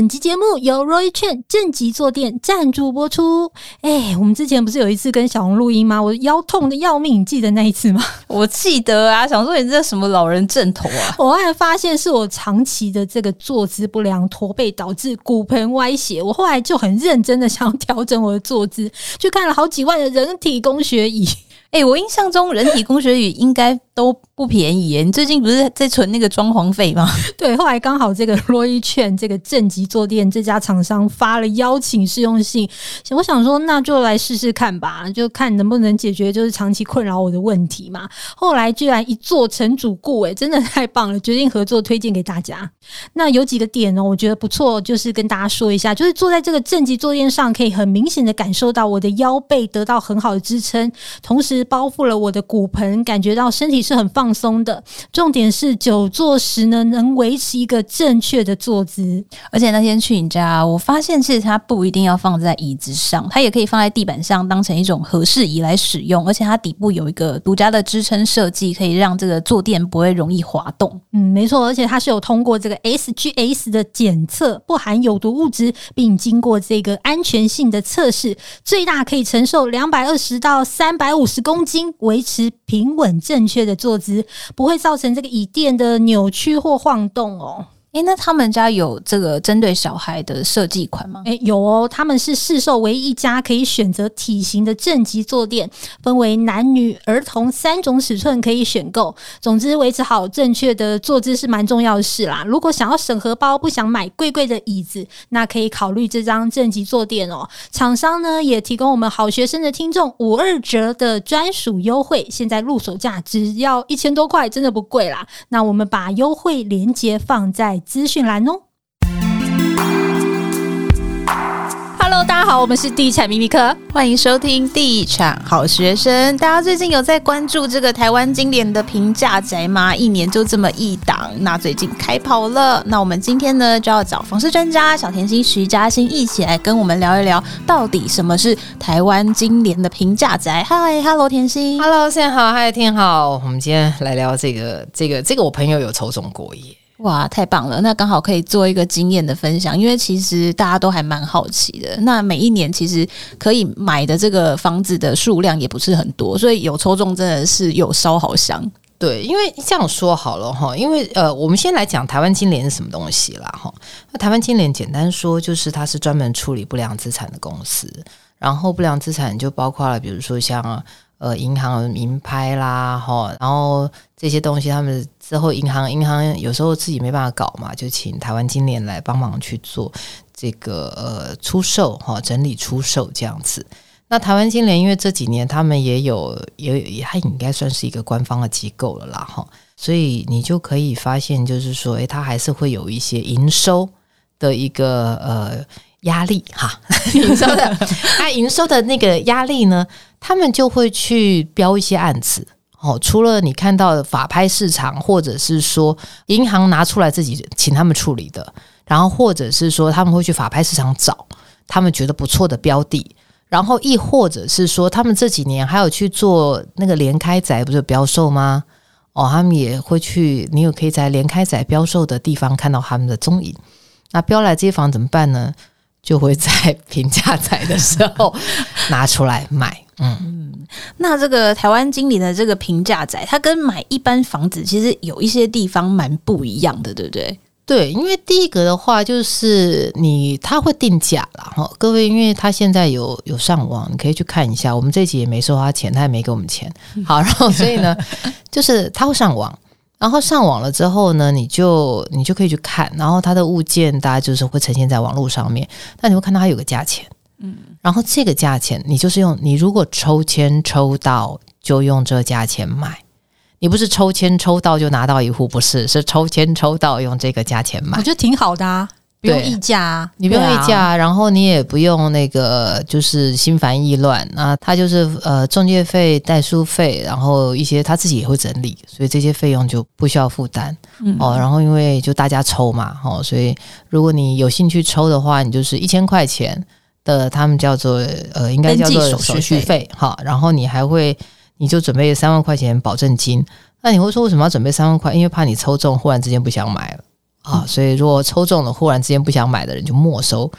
本集節目由 Roichen 正脊坐墊贊助播出。哎、欸，我們之前不是有一次跟小紅錄音嗎？我腰痛的要命，你記得那一次嗎？我記得啊，想說你這是什麼老人枕頭啊！我後來發現是我長期的這個坐姿不良、駝背導致骨盆歪斜。我後來就很認真的想要調整我的坐姿，去看了好幾萬的人體工學椅。哎、欸，我印象中人體工學椅應該都。 不便宜耶！你最近不是在存那個裝潢費嗎？對，後來剛好這個 Roichen，這個正脊坐墊，這家廠商發了邀請試用信，我想說那就來試試看吧，就看能不能解決就是長期困擾我的問題嘛。後來居然一坐成主顧，哎，真的太棒了！決定合作推薦給大家。那有幾個點呢、喔？我覺得不錯，就是跟大家說一下，就是坐在這個正脊坐墊上，可以很明顯的感受到我的腰背得到很好的支撐，同時包覆了我的骨盆，感覺到身體是很放。放鬆的重點是久坐時呢，能維持一個正確的坐姿。而且那天去你家，我發現其實它不一定要放在椅子上，它也可以放在地板上，當成一種和室椅來使用。而且它底部有一個獨家的支撐設計，可以讓這個坐墊不會容易滑動。嗯，沒錯，而且它是有通過這個 SGS 的檢測，不含有毒物質，並經過這個安全性的測試，最大可以承受兩百二十到三百五十公斤，維持平穩正確的坐姿。不會造成這個椅墊的扭曲或晃動哦。哎，那他們家有這個針對小孩的設計款嗎？哎，有哦，他們是市售唯一一家可以選擇體型的正脊坐墊，分為男女、兒童三種尺寸可以選購。總之，維持好正確的坐姿是蠻重要的事啦。如果想要省荷包，不想買貴貴的椅子，那可以考慮這張正脊坐墊哦。廠商呢也提供我們好學生的聽眾五二折的專屬優惠，現在入手價只要一千多塊，真的不貴啦。那我們把優惠鏈接放在資訊欄哦，Hello，大家好，我們是地產秘密客，歡迎收聽地產好學生。大家最近有在關注這個台灣金聯的平價宅嗎？一年就這麼一檔，那最近開跑了。那我們今天呢，就要找房事專家小甜心徐佳馨一起來跟我們聊一聊，到底什麼是台灣金聯的平價宅？Hi，Hello，甜心，Hello，現在好，Hi，甜好，我們今天來聊這個，這個，這個我朋友有抽中過耶。哇，太棒了！那剛好可以做一個經驗的分享，因為其實大家都還蠻好奇的。那每一年其實可以買的這個房子的數量也不是很多，所以有抽中真的是有燒好香。對，因為這樣說好了哈，因為呃，我們先來講台灣金聯是什麼東西啦哈。那台灣金聯簡單說就是它是專門處理不良資產的公司，然後不良資產就包括了比如說像。呃，銀行明拍啦，哈，然後這些東西，他們之後銀行銀行有時候自己沒辦法搞嘛，就請台灣金聯來幫忙去做這個呃出售，哈，整理出售這樣子。那台灣金聯因為這幾年他們也有也也還應該算是一個官方的機構了啦，哈，所以你就可以發現，就是說，誒，它還是會有一些營收的一個呃。壓力哈，營收 的那營收的那個壓力呢，他們就會去標一些案子哦。除了你看到法拍市場，或者是說銀行拿出來自己請他們處理的，然後或者是說他們會去法拍市場找他們覺得不錯的標的，然後亦或者是說他們這幾年還有去做那個聯開宅，不是標售嗎？哦，他們也會去，你有可以在聯開宅標售的地方看到他們的蹤影。那標來這些房怎麼辦呢？就會在平價宅的時候拿出來賣，嗯 嗯，那這個台灣金聯的這個平價宅，他跟買一般房子其實有一些地方蠻不一樣的，對不對？對，因為第一個的話就是你他會定價了，各位，因為他現在有有上網，你可以去看一下，我們這一集也沒收他錢，他也沒給我們錢，好，然後所以呢， 就是他會上網。然後上網了之後呢，你就你就可以去看，然後它的物件大家就是會呈現在網絡上面。那你會看到它有個價錢，嗯，然後這個價錢你就是用你如果抽籤抽到就用這個價錢買。你不是抽籤抽到就拿到一戶，不是，是抽籤抽到用這個價錢買。我覺得挺好的啊。對不用議價、啊，啊、你不用議價，然後你也不用那個，就是心煩意亂啊。他就是呃，中介費、代書費，然後一些他自己也會整理，所以這些費用就不需要負擔哦。然後因為就大家抽嘛，哦，所以如果你有興趣抽的話，你就是一千塊錢的，他們叫做呃，應該叫做手續費，哈、哦，然後你還會，你就準備三萬塊錢保證金。那你會說為什麼要準備三萬塊？因為怕你抽中，忽然之間不想買了。啊、哦，所以如果抽中了，忽然之間不想買的人就沒收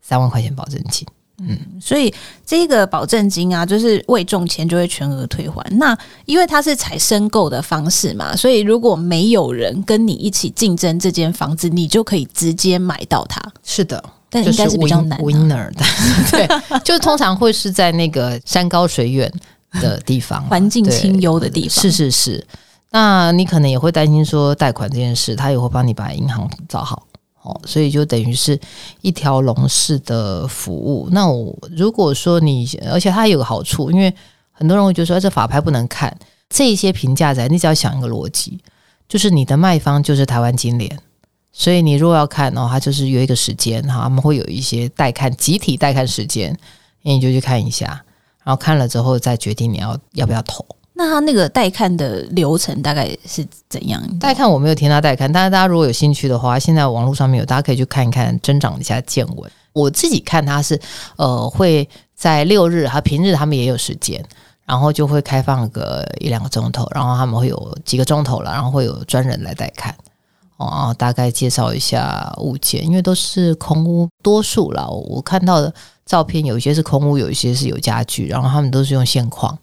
三萬塊錢保證金。嗯，嗯，所以這個保證金啊，就是未中簽就會全額退還。那因為它是採申購的方式嘛，所以如果沒有人跟你一起競爭這間房子，你就可以直接買到它。是的，但應該是比較難、啊。Winner， 對，就是通常會是在那個山高水遠的地方，環 境清幽的地方。是是是。那你可能也會擔心說貸款這件事，他也會幫你把銀行找好，哦，所以就等於是一條龍式的服務。那我如果說你，而且它還有個好處，因為很多人會覺得說、啊、這法拍不能看，這一些平價宅，你只要想一個邏輯，就是你的賣方就是台灣金聯，所以你如果要看哦，它就是約一個時間哈，他們會有一些帶看集體帶看時間，那你就去看一下，然後看了之後再決定你要要不要投。那他那個帶看的流程大概是怎樣？帶看我沒有聽他帶看，但是大家如果有興趣的話，現在網絡上面有，大家可以去看一看，增長一下見聞。我自己看他是，呃，會在六日，他平日他們也有時間，然後就會開放個一兩個鐘頭，然後他們會有幾個鐘頭了，然後會有專人來帶看哦，哦，大概介紹一下物件，因為都是空屋多數了，我看到的照片有些是空屋，有一些是有家具，然後他們都是用現況。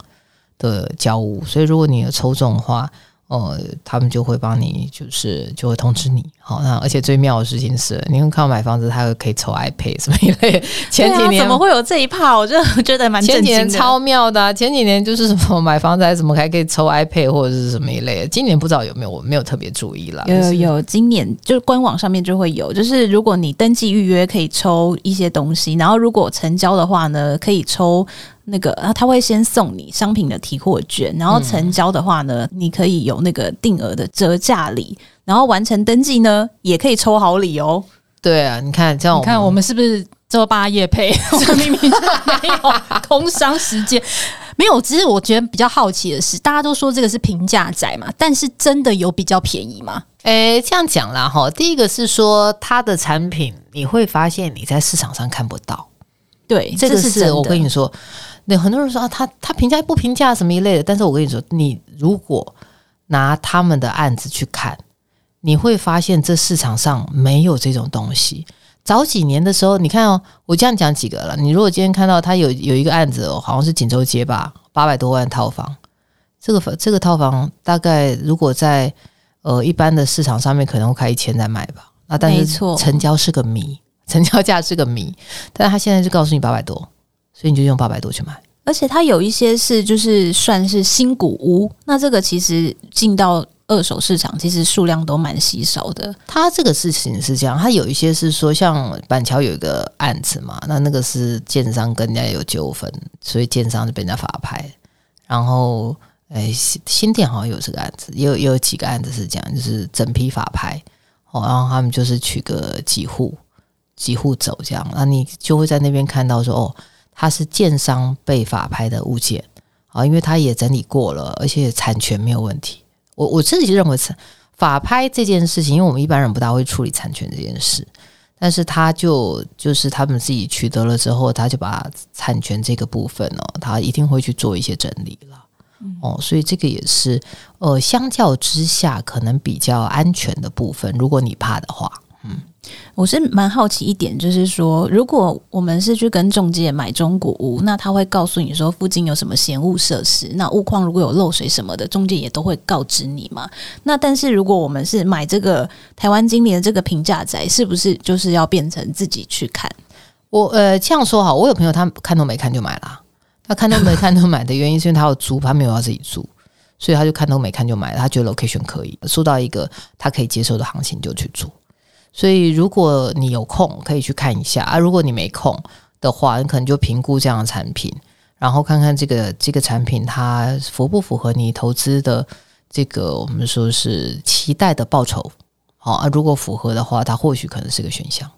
的交物，所以如果你有抽中的話，呃，他們就會幫你，就是就會通知你。好。哦，那而且最妙的事情是，你們看買房子，他會可以抽 iPad 什麼一類。前幾年，啊，怎麼會有這一趴？我真覺得蠻。前幾年超妙的，啊，前幾年就是什麼買房子，還怎麼還可以抽 iPad 或者是什麼一類的。今年不知道有沒有，我沒有特別注意啦。有有，今年就是官網上面就會有，就是如果你登記預約可以抽一些東西，然後如果成交的話呢，可以抽。那個，然、啊、後他會先送你商品的提貨券，然後成交的話呢，嗯、你可以有那個定額的折價禮，然後完成登記呢，也可以抽好禮哦。對啊，你看這樣，你看我們是不是周八夜配？這是我們 明明就沒有空窗時間， 沒有。只是我覺得比較好奇的是，大家都說這個是平價宅嘛，但是真的有比較便宜嗎？誒、欸，這樣講啦哈。第一個是說，它的產品你會發現你在市場上看不到，對，這,這個是我跟你說。對，很多人說啊，他他評價不評價什麼一類的，但是我跟你說，你如果拿他們的案子去看，你會發現這市場上沒有這種東西。早幾年的時候，你看哦，我這樣講幾個了。你如果今天看到他有有一個案子，好像是錦州街吧，八百多萬套房，這個房，這個這個套房大概如果在呃一般的市場上面，可能會開一千在賣吧。啊，但是沒錯，成交是個謎，沒錯，成交價是個謎。但是他現在就告訴你八百多，所以你就用八百多去買，而且它有一些是就是算是新古屋，那這個其實進到二手市場，其實數量都蠻稀少的。它這個事情是這樣，它有一些是說像板橋有一個案子嘛，那那個是建商跟人家有糾紛，所以建商就被人家法拍。然後，哎、欸，新新店好像有這個案子，也有也有幾個案子是這樣，就是整批法拍哦，然後他們就是取個幾戶幾戶走這樣，那、啊、你就會在那邊看到說哦。它是建商被法拍的物件啊、哦，因為他也整理過了，而且產權沒有問題。我我自己認為，是法拍這件事情，因為我們一般人不大會處理產權這件事，但是他就就是他們自己取得了之後，他就把產權這個部分呢、哦，他一定會去做一些整理了。哦，所以這個也是呃，相較之下，可能比較安全的部分。如果你怕的話，嗯。我是蠻好奇一點，就是說，如果我們是去跟中介買中古屋，那他會告訴你說附近有什麼嫌惡設施，那屋況如果有漏水什麼的，中介也都會告知你嘛。那但是如果我們是買這個台灣金聯的這個平價宅，是不是就是要變成自己去看？我呃，這樣說哈，我有朋友他看都沒看就買啦。他看都沒看就買的原因是因為他要租， 他沒有要自己住，所以他就看都沒看就買了，他覺得 location 可以，租到一個他可以接受的行情就去租。所以，如果你有空，可以去看一下啊。如果你沒空的話，你可能就評估這樣的產品，然後看看這個這個產品它符不符合你投資的這個我們說是期待的報酬。好啊，如果符合的話，它或許可能是個選項。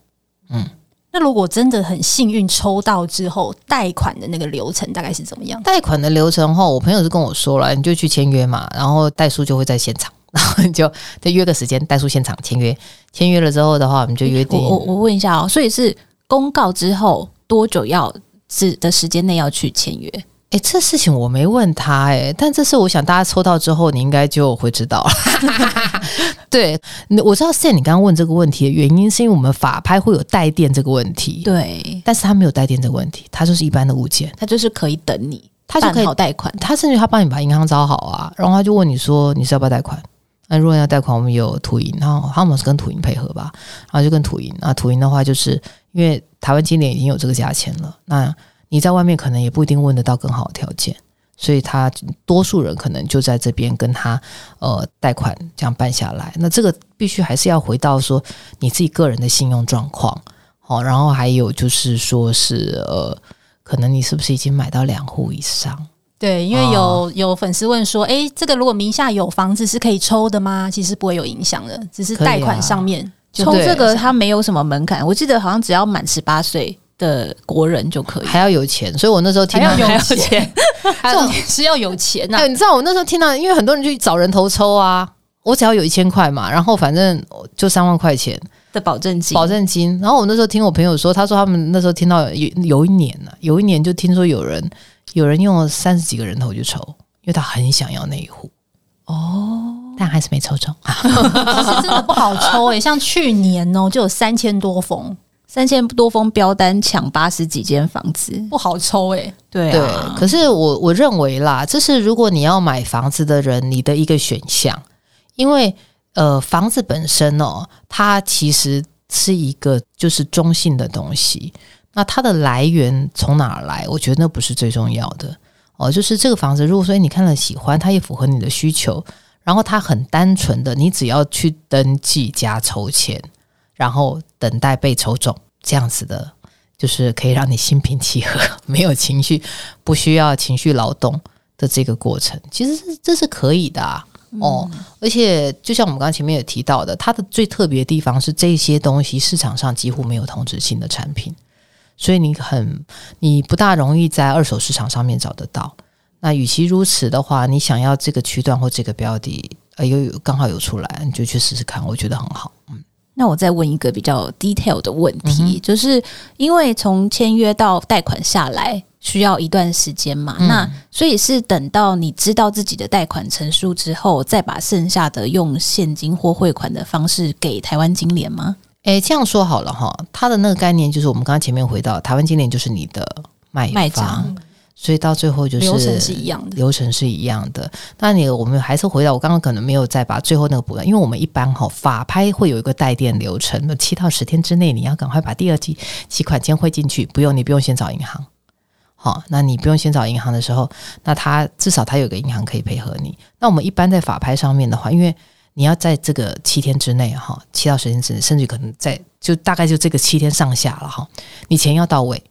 嗯，那如果真的很幸運抽到之後，貸款的那個流程大概是怎麼樣？貸款的流程的話，我朋友就跟我說了，你就去簽約嘛，然後代書就會在現場。然後你就再約個時間，帶出現場簽約。簽約了之後的話，我們就約定。嗯、我我問一下哦，所以是公告之後多久要是的時間內要去簽約？誒、欸，這事情我沒問他誒、欸，但這次我想大家抽到之後，你應該就會知道了。 對，我知道現在你剛剛問這個問題的原因，是因為我們法拍會有代墊這個問題。對，但是他沒有代墊這個問題，他就是一般的物件，他就是可以等你，他就可以貸款，他甚至他幫你把銀行找好啊，然後他就問你說你是要不要貸款？那、啊、如果要貸款，我們有土銀，然後他們是跟土銀配合吧，然、啊、後就跟土銀。那、啊、土銀的話，就是因為台灣金聯已經有這個價錢了，那你在外面可能也不一定問得到更好的條件，所以他多數人可能就在這邊跟他呃貸款這樣辦下來。那這個必須還是要回到說你自己個人的信用狀況，好、哦，然後還有就是說是呃，可能你是不是已經買到兩戶以上。對，因為有有粉絲問說，哦、誒，這個如果名下有房子是可以抽的嗎？其實不會有影響的，只是貸款上面抽、啊、這個他沒有什麼門檻。對我記得好像只要滿十八歲的國人就可以，還要有錢。所以我那時候聽到還要有錢，重點是要有錢吶、啊哎。你知道我那時候聽到，因為很多人去找人頭抽啊，我只要有一千塊嘛，然後反正就三萬塊錢的保證金，保證金。然後我那時候聽我朋友說，他說他們那時候聽到有有一年了、啊，有一年就聽說有人。有人用了三十幾個人頭去抽，因為他很想要那一戶哦，但還是沒抽中。其實、 哦、真的不好抽哎、欸，像去年哦、喔，就有三千多封，三千多封標單搶八十幾間房子，不好抽哎、欸。對啊，對可是我我認為啦，這是如果你要買房子的人，你的一個選項，因為呃，房子本身哦、喔，它其實是一個就是中性的東西。那它的來源從哪兒來？我覺得那不是最重要的哦。就是這個房子，如果說你看了喜歡，它也符合你的需求，然後它很單純的，你只要去登記加抽籤，然後等待被抽中，這樣子的，就是可以讓你心平氣和，沒有情緒，不需要情緒勞動的這個過程，其實這是可以的、啊、哦。嗯、而且就像我們剛前面也提到的，它的最特別的地方是這些東西市場上幾乎沒有同質性的產品。所以你很，你不大容易在二手市場上面找得到。那與其如此的話，你想要這個區段或這個標的，呃、哎，又有剛好有出來，你就去試試看，我覺得很好。嗯，那我再問一個比較 detail 的問題，嗯、哼就是因為從簽約到貸款下來需要一段時間嘛，嗯、那所以是等到你知道自己的貸款成熟之後，再把剩下的用現金或匯款的方式給台灣金聯嗎？誒，這樣說好了哈，他的那個概念就是我們剛剛前面回到台灣金聯就是你的賣賣方，賣長所以到最後就是流程是一樣的，流程是一樣的。那你我們還是回到我剛剛可能沒有再把最後那個補了，因為我們一般哈法拍會有一個代墊流程，那七到十天之內你要趕快把第二期期款先匯進去，不用你不用先找銀行。好、哦，那你不用先找銀行的時候，那他至少他有個銀行可以配合你。那我們一般在法拍上面的話，因為你要在這個七天之內哈，七到十天之內，甚至可能在就大概就這個七天上下了哈。你錢要到位，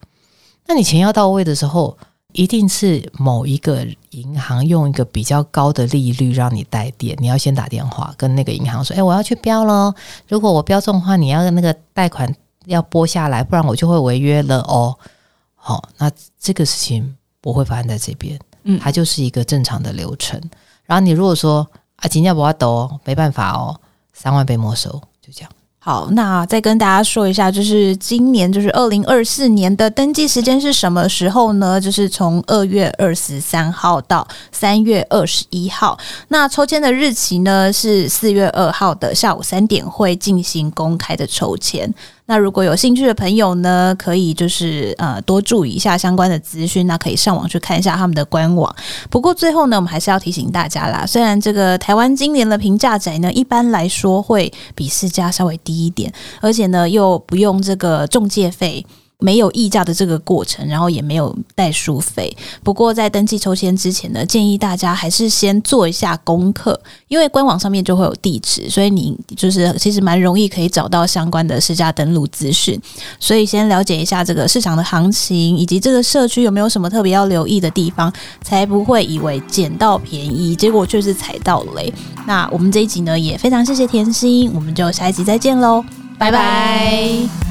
那你錢要到位的時候，一定是某一個銀行用一個比較高的利率讓你貸電。你要先打電話跟那個銀行說：“哎、欸，我要去標了。如果我標中的話，你要那個貸款要撥下來，不然我就會違約了哦。”好，那這個事情不會發生在這邊，嗯，它就是一個正常的流程。嗯、然後你如果說，啊，金價不要多？沒辦法哦，三萬被沒收，就這樣。好，那再跟大家說一下，就是今年就是二零二四年的登記時間是什麼時候呢？就是從二月二十三號到三月二十一號。那抽籤的日期呢，是四月二號的下午三點會進行公開的抽籤。那如果有興趣的朋友呢，可以就是呃多注意一下相關的資訊，那可以上網去看一下他們的官網。不過最後呢，我們還是要提醒大家啦，雖然這個台灣金聯的平價宅呢，一般來說會比市價稍微低一點，而且呢又不用這個仲介費。沒有溢價的這個過程，然後也沒有代書費。不過在登記抽籤之前呢，建議大家還是先做一下功課，因為官網上面就會有地址，所以你就是其實蠻容易可以找到相關的實價登錄資訊。所以先了解一下這個市場的行情，以及這個社區有沒有什麼特別要留意的地方，才不會以為撿到便宜，結果卻是踩到雷、欸。那我們這一集呢也非常謝謝甜心，我們就下一集再見嘍，拜拜。拜拜。